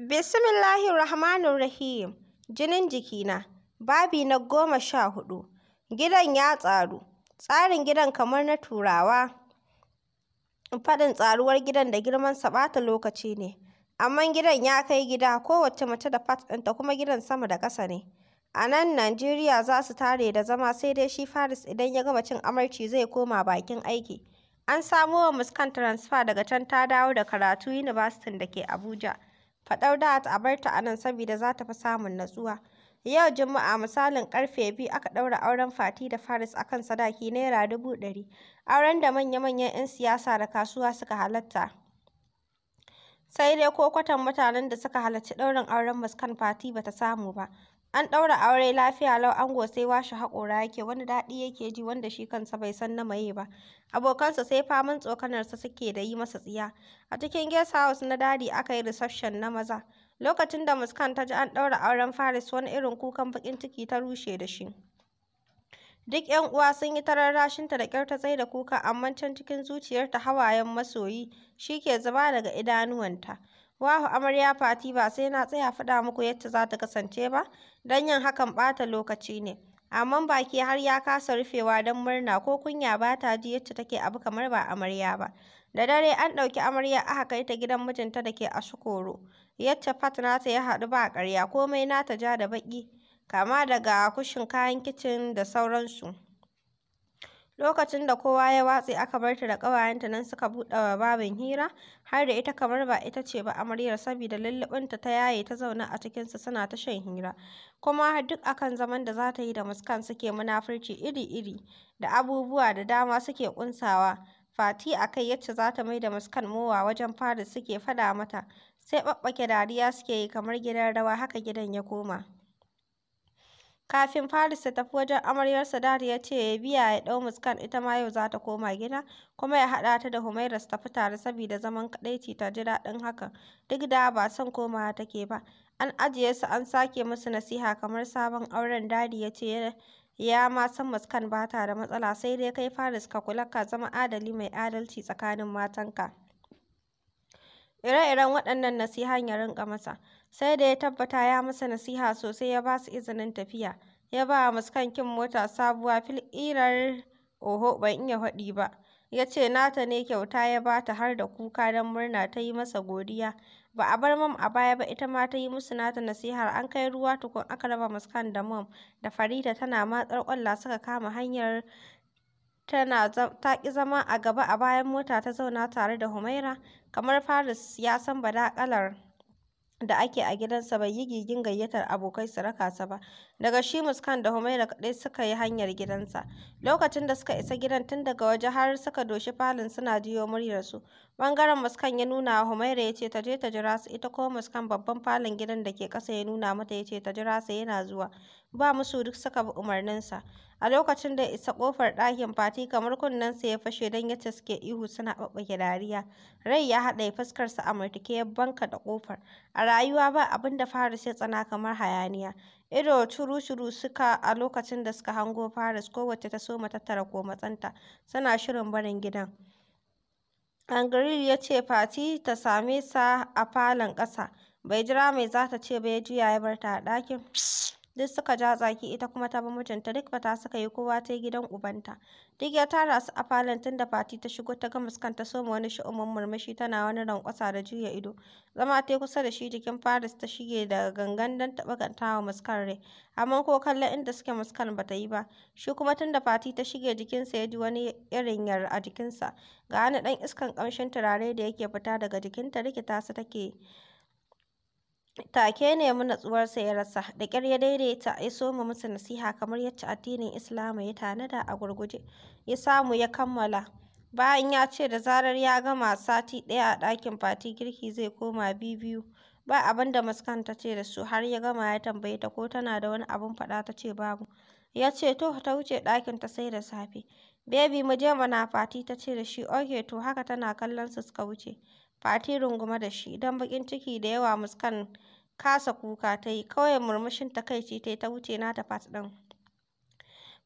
Bismillahirrahmanirrahim. Jinin jikina. Babi na goma sha hudu. Gidan ya tsaru. Tsarin gidan kamar na Turawa. Faɗin tsaruwar gidan da sa ɓata lokaci ne. Amma gidan ya kai gida kowace mace da fat ɗinta kuma gidan sama da ƙasa ne. A nan Najeriya za su tare da zama sai dai shi Faris idan ya gama cin amarci zai koma bakin aiki. An samo wa Muskan transfer daga can ta dawo da karatu University da ke Abuja. Faɗau da a bar ta a nan saboda za ta fi samun natsuwa. Yau Juma'a misalin karfe biyu aka ɗaura auren Fati da Faris a kan sadaki Naira dubu ɗari. Auren da manya-manyan 'yan siyasa da kasuwa suka halatta. Sai dai ko kwatan mutanen da suka halarci ɗaurin auren Muskan Fati bata samu ba. An ɗaura aure lafiya lau ango sai washe haƙora yake wani daɗi yake ji wanda shi kansa bai san na maye ba. Abokansa sai faman tsokanarsa suke da yi masa tsiya. A cikin guest house na dadi aka yi reception na maza. Lokacin da Muskan ta ji an ɗaura auren Faris wani irin kukan bakin ciki ta rushe da shi. Duk 'yan uwa sun yi ta da ƙyar ta tsai da kuka amma can cikin zuciyarta hawayen masoyi shi ke zuba daga idanuwanta. Wahu amarya fati ba sai na tsaya faɗa muku yadda za ta kasance ba, don yin hakan ɓata lokaci ne. Amma baki har ya kasa rufewa don murna ko kunya ba ta ji yadda take abu kamar ba amarya ba. Da dare an ɗauki amarya aka kai ta gidan mijinta da ke a sukoro Yacce fat nata ya haɗu ba ƙarya komai nata ja da baƙi kama daga kushin kayan kicin da sauransu. Lokacin da kowa ya watse aka bar ta da ƙawayenta nan suka buɗe wa babin hira, har da ita kamar ba ita ce ba amaryar saboda lulluɓinta ta yaye ta zauna a cikinsu suna ta shan hira. Kuma har duk akan zaman da za ta yi da muskan suke munafurci iri-iri da abubuwa da dama suke ƙunsawa. Fati a kai yacce za ta mai da muskan mowa wajen Faris suke faɗa mata, sai ɓaɓɓake dariya suke yi kamar gidan rawa haka gidan ya koma. Kafin Faris ta tafi wajen amaryarsa Dari ya ce ya biya ya ɗau Muskan ita ma yau za ta koma gida kuma ya haɗa ta da Humaira su tafi tare saboda zaman kaɗaici ta ji daɗin hakan duk da ba son komawa take ba. An ajiye su an sake musu nasiha kamar sabon auren Dari ya ce ya ma san Muskan ba ta da matsala sai dai kai Faris ka kula ka zama adali mai adalci tsakanin matanka. Ire-iren waɗannan nasihan ya rinƙa masa, sai da ya tabbata ya masa nasiha sosai ya ba su izinin tafiya, ya ba wa kin mota sabuwa fil ƙirar oho ban iya faɗi ba, ya ce nata ne kyauta ya ba ta har da kuka don murna ta yi masa godiya. Ba a bar Mam a baya ba ita ma ta yi musu nata nasihar an kai ruwa tukun aka raba Muskan da Mam da Farida tana matsar ƙwalla suka kama hanyar tana ta ƙi zama a gaba a bayan mota ta zauna tare da Humaira kamar Faris ya san badaƙalar da ake a gidansa bai yi gigin gayyatar abokai su raka sa ba daga shi muskan da humaira kaɗai suka yi hanyar gidansa lokacin da suka isa gidan tun daga waje har suka doshi falin suna jiyo muryarsu Ɓangaren Muskan ya nuna wa Humaira ya ce ta je ta jira su ita kuma Muskan babban falon gidan da ke ƙasa ya nuna mata ya ce ta jira su yana zuwa. Ba musu duk suka bi umarninsa. A lokacin da isa ƙofar ɗakin fati kamar kunnensa ya fashe don ya suke ihu suna ɓaɓɓake dariya. Rai ya haɗa fuskarsa a murtuke ya banka da ƙofar. A rayuwa ba abin da Faris ya tsana kamar hayaniya. Ido curu shuru suka a lokacin da suka hango Faris kowace ta so matattara ko matsanta Suna shirin barin gidan. Angaril ya ce Fati ta same sa a falon ƙasa, bai jira mai za ta ce ba ya juya ya bar ta a ɗakin. duk suka ja tsaki ita kuma ta bi mijinta duk fata suka yi kowa ta gidan ubanta duk ya tara su a falon tun da fati ta shigo ta ga muskan ta soma wani sha'umin murmushi tana wani rankwasa da juya ido zama ta kusa da shi jikin faris ta shige daga gangan don taɓa gantawa muskan rai amma ko kallon inda suke muskan bata yi ba shi kuma tun da fati ta shige jikinsa ya ji wani irin yar a jikinsa ga wani ɗan iskan ƙamshin turare da yake fita daga jikinta rikita su take take ne mu sa ya rasa da ƙyar ya daidaita ya soma musu nasiha kamar yadda addinin islama ya tanada a gurguje ya samu ya kammala bayan ya ce da zarar ya gama sati ɗaya a ɗakin fati girki zai koma bibiyu ba abin da maskan ta ce da su har ya gama ya tambaye ta ko tana da wani abin faɗa ta ce babu ya ce to ta wuce ɗakin ta sai da safe Baby mu je mana fati ta ce da shi oke to haka tana kallon su suka wuce. Fati runguma da shi, don bakin ciki da yawa Muskan kasa kuka ta yi, kawai murmushin takaici ta yi ta wuce nata Fat ɗin.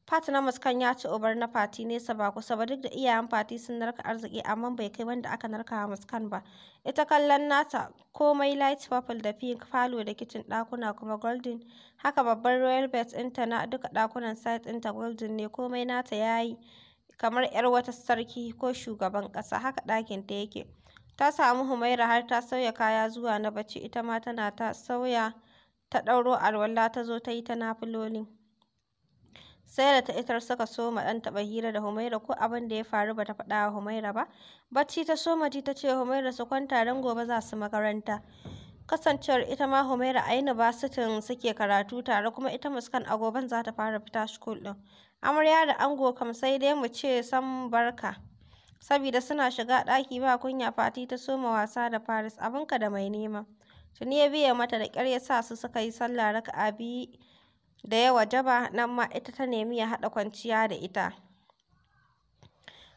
Fat na Muskan ya ci ubar na Fati nesa ba kusa ba duk da iyayen Fati sun narka arziki amma bai kai wanda aka narka wa Muskan ba. Ita kallon nata komai light purple da pink falo da kicin ɗakuna kuma golden. Haka babban royal bed ɗinta na duka ɗakunan site ɗinta golden ne komai nata ya yi kamar 'yar wata sarki ko shugaban ƙasa haka ɗakin ta yake. ta samu Humaira har ta sauya kaya zuwa na bacci ita ma tana ta sauya ta ɗauro alwala ta zo ta yi ta nafiloli. sai da ta itar suka soma ɗan taɓa hira da Humaira ko abin da ya faru bata faɗa wa Humaira ba. Bacci ta soma ji ta ce Humaira su kwanta don gobe za su makaranta. Kasancewar ita ma Humaira a yunivasitin suke karatu tare kuma ita muskan a za ta fara fita shukul ɗin. Amarya da ango kam sai dai mu ce san barka. Saboda suna shiga ɗaki ba kunya Fati ta soma wasa da Faris abinka da mai nema. Tuni ya biya mata da ƙyar ya sa su suka yi sallah raka'a biyu da yawa wajaba nan ma ita ta nemi ya haɗa kwanciya da ita.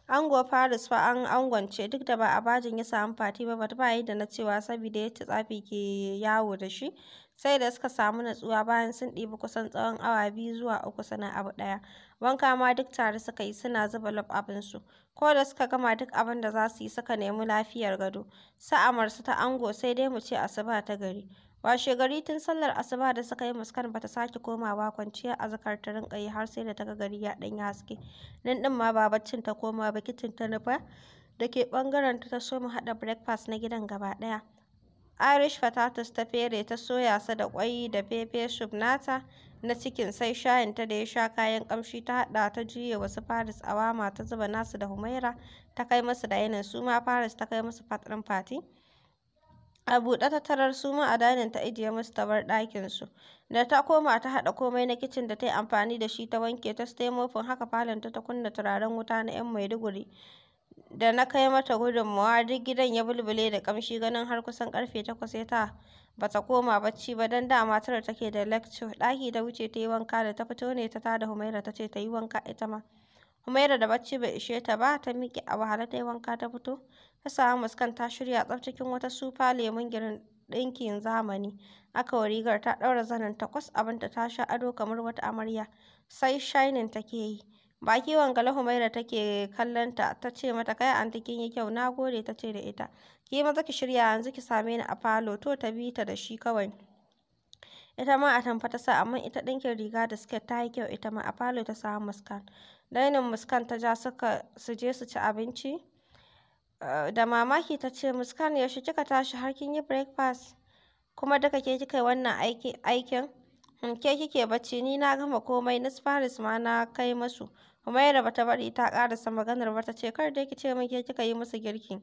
Ango Faris fa an angon ce duk da ba a bajin ya samu Fati ba bata ba da na cewa saboda yacce tsafi ke yawo da shi sai da suka samu natsuwa bayan sun ɗibi kusan tsawon awa biyu zuwa uku suna abu ɗaya. wanka ma duk tare suka yi suna zuba lab abinsu ko da suka gama duk abin da za su yi suka nemi lafiyar gado sa'amar su ta ango sai dai mu ce asuba ta gari washe gari tun sallar asuba da suka yi muskan bata sake komawa kwanciya a zakar ta rinka yi har sai da ta ga gari ya ɗan haske nan din ma ba ta koma ba kicin ta nufa da ke bangaren ta ta so mu haɗa breakfast na gidan gaba ɗaya Irish potatoes ta fere ta soya su da kwai da pepe soup nata na cikin sai shayinta da ya sha kayan kamshi ta haɗa ta juye wasu Paris wama ta zuba nasu da Humaira ta kai masu da yanin su ma Paris ta kai masu faɗin fati. a buɗe ta tarar su ma a danin ta ijiye masu ta bar ɗakin su da ta koma ta haɗa komai na kicin da ta yi amfani da shi ta wanke ta sai mofin haka falon ta ta kunna turaren wuta na yan maiduguri da na kai mata gudunmawa duk gidan ya bulbule da kamshi ganin har kusan karfe takwas ya ta ba ta koma bacci ba don da matar take da lecture ɗaki da wuce ta yi wanka da ta fito ne ta tada humaira ta ce ta yi wanka ita ma humaira da bacci bai ishe ta ba ta miƙe a wahala ta yi wanka ta fito ta samu muskan ta shirya tsaf cikin wata sufa lemun girin ɗinkin zamani aka wa rigar ta ɗaura zanin takwas abinta ta sha ado kamar wata amarya sai shainin take yi baki wangale humaira take kallon ta ce mata kai anti kin yi kyau na gode ta ce da ita ki maza ki shirya yanzu ki same ni a falo to ta bi ta da shi kawai ita ma a tamfa ta sa amma ita dinkin riga da siket ta yi kyau ita ma a falo ta samu muskan dainin muskan ta ja suka su je su ci abinci eh, da mamaki ta ce muskan yaushe kika tashi har kin yi breakfast kuma duka ke kika yi wannan aikin hmm, ke kike bacci ni na gama komai na sparis ma na kai masu yadda bata bari ta karasa maganar ba ta ce kar dai ki ce min ke kika yi musu girki.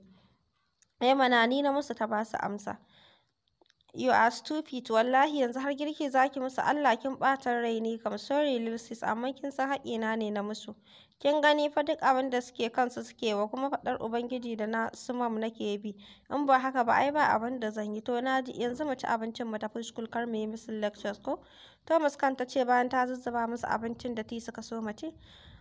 Eh mana ni na musu ta basu amsa. You are stupid wallahi yanzu har girki zaki musu Allah kin batar rai ne kam sorry lil sis amma kin san na ne na musu. Kin gani fa duk abin da suke kansu suke wa kuma faɗar Ubangiji da na sumam nake bi. In ba haka ba ai ba abin da zan yi to na ji yanzu mu ci abincin mu tafi school kar mu yi musu lectures ko. Thomas kan ta ce bayan ta zuzzuba musu abincin da ti suka so mace.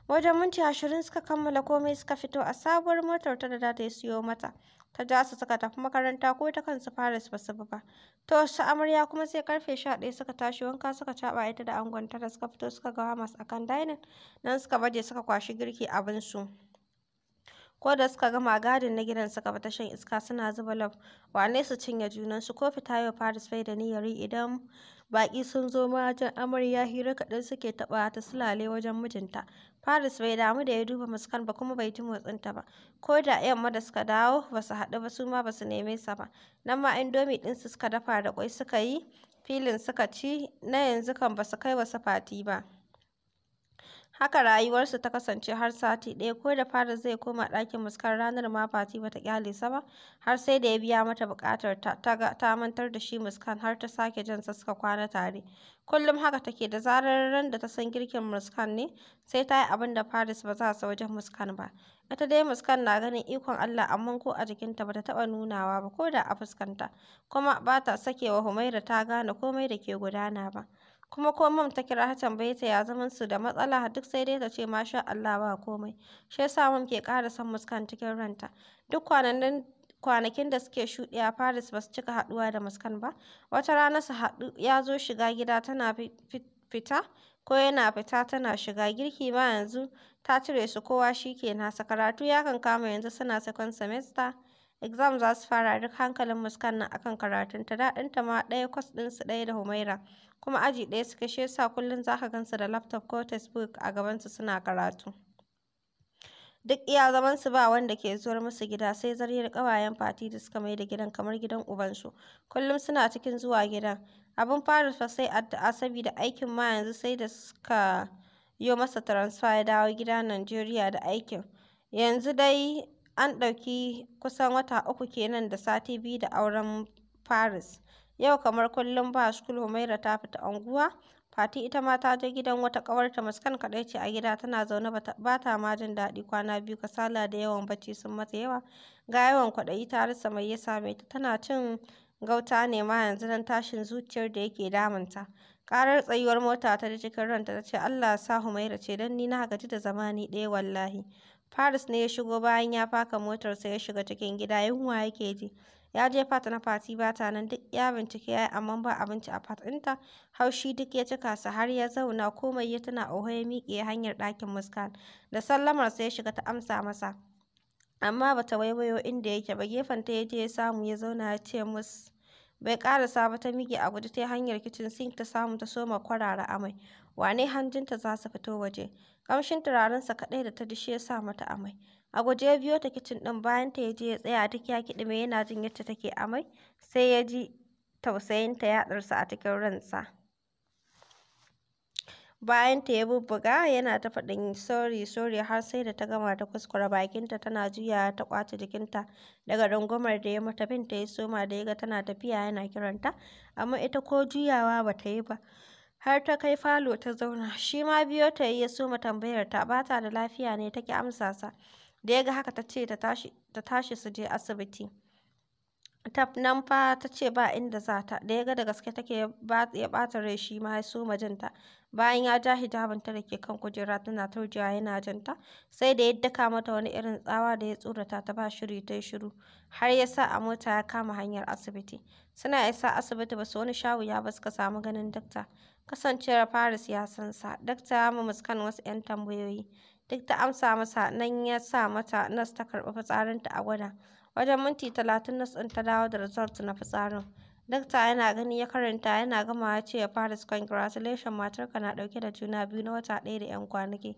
wajen minti ashirin suka kammala komai suka fito a sabuwar motar ta da za ta siyo mata ta ja su suka tafi makaranta ko ta kansu faris ba su bi ba. To wasu amarya kuma sai karfe sha ɗaya suka tashi wanka suka caɓa ita da angon tara suka fito suka ga Hamas a kan dainin nan suka baje suka kwashi girki abin su. Ko da suka gama gadin na gidan suka fita shan iska suna zuba lab wane su cinye junansu ko fita yau faris bai da niyyari idan baƙi sun zo ma wajen amarya hira kaɗan suke taɓa ta sulale wajen mijinta Paris bai damu da ya duba Muskan ba kuma bai ji motsinta ba. Ko da yamma da suka dawo ba su haɗu ba su ma ba su neme sa ba. Nan ma ɗin su suka dafa da ƙwai suka yi filin suka ci na yanzu kan ba su kai wasu fati ba. Haka rayuwarsu ta kasance har sati ɗaya ko da fari zai koma ɗakin muskan ranar ma Fati bata kyale sa ba har sai da ya biya mata buƙatar ta mantar da shi muskan har ta sake jan sa kwana tare. Kullum haka take da zarar ran da ta san girkin muskan ne sai ta yi abin da Faris ba za sa wajen muskan ba. Ita dai muskan na ganin ikon Allah amma ko a jikinta ba ta taɓa nunawa ba ko da a fuskanta kuma ba bata sakewa Humaira ta gane komai da ke gudana ba. kuma ko mam ta kira ta tambaye ta ya zaman su da matsala duk sai dai ta ce masha Allah ba komai shi yasa mam ke ƙara son muskan cikin ranta duk kwanannin kwanakin da suke a Paris ba su cika haɗuwa da Muskan ba. Wata rana su haɗu ya zo shiga gida tana fita ko yana fita tana shiga girki ba yanzu ta cire su kowa shi ke nasa karatu ya kan kama yanzu suna second semester. Exam za su fara duk hankalin muskannin akan karatun ta daɗinta ma ɗaya kwas ɗin su ɗaya da Humaira. Kuma aji ɗaya suka shi sa kullum za ka gansu da laptop ko textbook a gabansu suna karatu. Duk iya zamansu ba wanda ke zuwar musu gida sai zaryar ƙawayen fati da suka mai da gidan kamar gidan ubansu. Kullum suna cikin zuwa gidan. Abin fara fa sai addu'a saboda aikin ma yanzu sai da suka yo masa transfer ya dawo gida Najeriya da aikin. Yanzu dai An ɗauki kusan wata uku kenan da sati biyu da auren Paris. Yau kamar kullum ba shukul Humaira ta fita unguwa. Fati ita ma ta je gidan wata ƙawarta Muskan kaɗai ce a gida tana zaune ba ta ma jin daɗi kwana biyu kasala da yawan bacci sun mata yawa. Ga yawan kwaɗayi ta rasa mai ya same ta tana cin gauta ne ma yanzu don tashin zuciyar da yake ta. Karar tsayuwar mota ta ji cikin ranta ta ce Allah ya sa Humaira ce don ni na gaji da zamani ɗaya wallahi. Faris ne ya shigo bayan ya faka motarsa ya shiga cikin gida yunwa yake ji. Ya je fat na fati ba ta nan duk ya bincike ya yi amma ba abinci a fat ɗinta. Haushi duk ya cika su har ya zauna komai ya tuna oho ya miƙe hanyar ɗakin muskan. Da sallamar sai ya shiga ta amsa masa. Amma bata waiwayo inda yake ba gefen ta ya je ya samu ya zauna ya ce musu bai ƙarasa ba ta miƙe a guje ta hanyar kicin sink ta samu ta soma kwarara amai wane hanjinta za su fito waje kamshin turarensa kaɗai da ta dishe ya sa mata amai a guje ya biyo ta kicin ɗin bayan ta je ya tsaya duk ya kiɗime yana jin yadda take amai sai ya ji tausayinta ya ɗarsa a cikin ransa bayan ta ya bubbuga yana ta faɗin sorry sorry har sai da ta gama ta kuskura bakinta tana juya ta kwace jikinta daga rungumar da ya mata bin ta ya soma da ya ga tana tafiya yana kiranta amma ita ko juyawa ba ta yi ba. har ta kai falo ta zauna shi ma biyo ta yi ya soma tambayar ta ba ta da lafiya ne take amsa sa da ya ga haka ta ce ta tashi su je asibiti tab nan fa ta ce ba inda za ta da ya ga da gaske take ya bata rai shi ma ya soma bayan ya ja hijabinta da ke kan kujera tana turjiya yana jinta sai da ya daka mata wani irin tsawa da ya tsorata ta ba shiri ta shiru har ya sa a mota ya kama hanyar asibiti suna isa asibiti ba su wani ya ba suka samu ganin dakta kasancewar faris ya san sa dakta ya muskan wasu 'yan tambayoyi duk ta amsa masa nan ya sa mata nas ta karɓi fitsarinta a gwada Wajen minti talatin na ɗin ta dawo da result na fitsarin. Dakta yana gani ya karanta yana gamawa ya ce wa Paris congratulations matarka na ɗauke da juna biyu na wata ɗaya da 'yan kwanaki.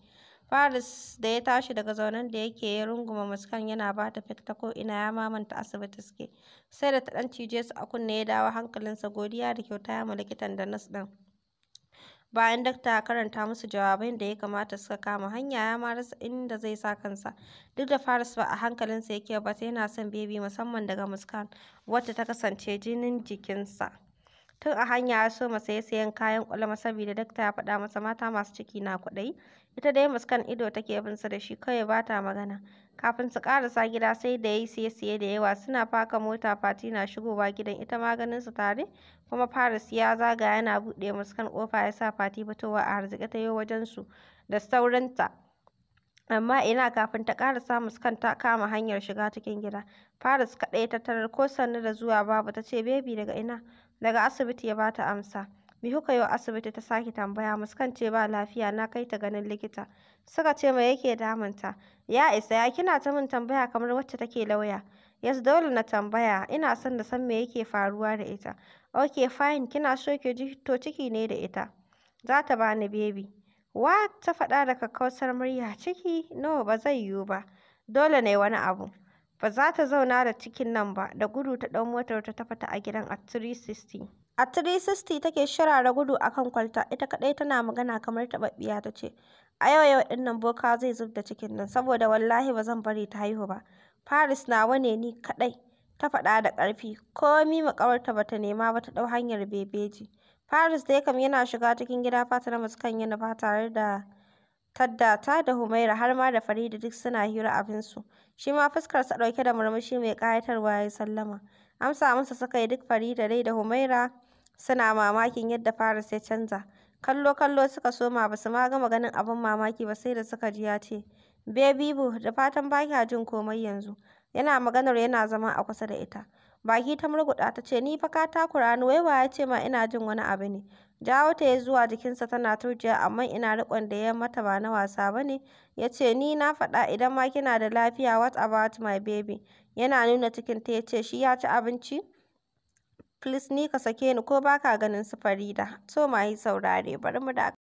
Paris da ya tashi daga zaunen da yake ya runguma muskan yana ba ta ko ta ko'ina ya mamanta asibiti suke. Sai da ta ɗan cije su a kunne ya dawo hankalinsa godiya da kyauta ya ma likitan da nas ɗin. bayan dakta ya karanta musu jawabin da ya kamata suka kama hanya ya ma rasa inda zai sa kansa duk da faris ba a hankalinsa yake ba sai yana son bebi musamman daga muskan wata ta kasance jinin jikinsa tun a hanya ya so masa ya sayan kayan kwalama saboda dakta ya faɗa masa mata masu ciki na kuɗai ita dai muskan ido take bin sa da shi kawai ba ta magana kafin su karasa gida sai da ya yi siye-siye da yawa suna faka mota fati na shigowa gidan ita maganin su tare kuma paris ya zaga yana buɗe musu kan kofa ya sa fati fitowa a harziƙe ta yi wajen su da saurinta amma ina kafin ta karasa musu kan ta kama hanyar shiga cikin gida faris kaɗai ta tarar ko sannu da zuwa babu ta ce bebi daga ina daga asibiti ya bata amsa Me yau asibiti ta sake tambaya muskan ce ba lafiya na kai ta ganin likita. Suka ce mai yake damunta? Ya isa ya kina ta min tambaya kamar wacce take lauya. Yes dole na tambaya ina son da san me yake faruwa da ita. Ok, fine kina so ki ji to ciki ne da ita. Za ta bani bebi. Wa ta faɗa da kakkausar murya ciki no ba zai yiwu ba. Dole ne wani abu. Ba za ta zauna da cikin nan ba da gudu ta ɗan motar ta tafi ta a gidan at 360. A 360 take sharara gudu a kan kwalta, ita kadai tana magana kamar taɓaɓɓiya ta ce, A yau yau ɗin nan boka zai zub da cikin nan, saboda wallahi ba zan bari ta haihu ba. Paris na wane ni kadai ta faɗa da karfi komi makawarta ba ta nema ba ta dau hanyar bebeji. Paris dai kam yana shiga cikin gida fata musu kan yi ba tare da Taddata da Humaira har ma da Farida duk suna hira abin su Shi ma fuskarsa ɗauke da murmushi mai ƙayatarwa ya yi sallama. Amsa masa suka yi duk Farida dai da Humaira. suna mamakin yadda Paris ya canza. Kallo-kallo suka soma ba su ma gama ganin abin mamaki ba sai da suka ji ya ce, Baby boo, da fatan ba kya jin komai yanzu. Yana maganar yana zama a kusa da ita. Baki ta murguɗa ta ce, Ni fa ka takura ni, wai ya ce ma ina jin wani abu ne. Jawo ta ya zuwa jikinsa tana turjiya amma ina riƙon da ya mata ba na wasa ba ne. Ya ce, Ni na faɗa idan ma kina da lafiya, what about my baby? Yana nuna cikinta ya ce, Shi ya ci abinci? Please ni ka sake ni ko ba ka ganin su Farida. To ma saurare bari mu dakata.